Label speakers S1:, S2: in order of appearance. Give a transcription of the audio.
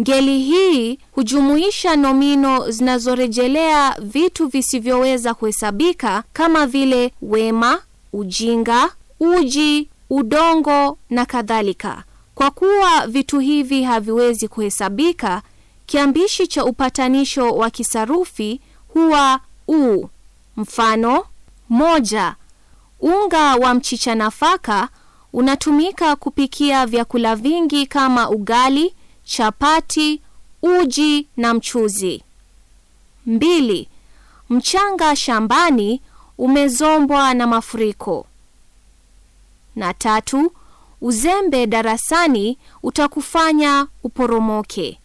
S1: Ngeli hii hujumuisha nomino zinazorejelea vitu visivyoweza kuhesabika kama vile wema, ujinga, uji, udongo na kadhalika. Kwa kuwa vitu hivi haviwezi kuhesabika, kiambishi cha upatanisho wa kisarufi huwa u. Mfano: moja, unga wa mchicha nafaka unatumika kupikia vyakula vingi kama ugali chapati, uji na mchuzi. Mbili, mchanga shambani umezombwa na mafuriko. Na tatu, uzembe darasani utakufanya
S2: uporomoke.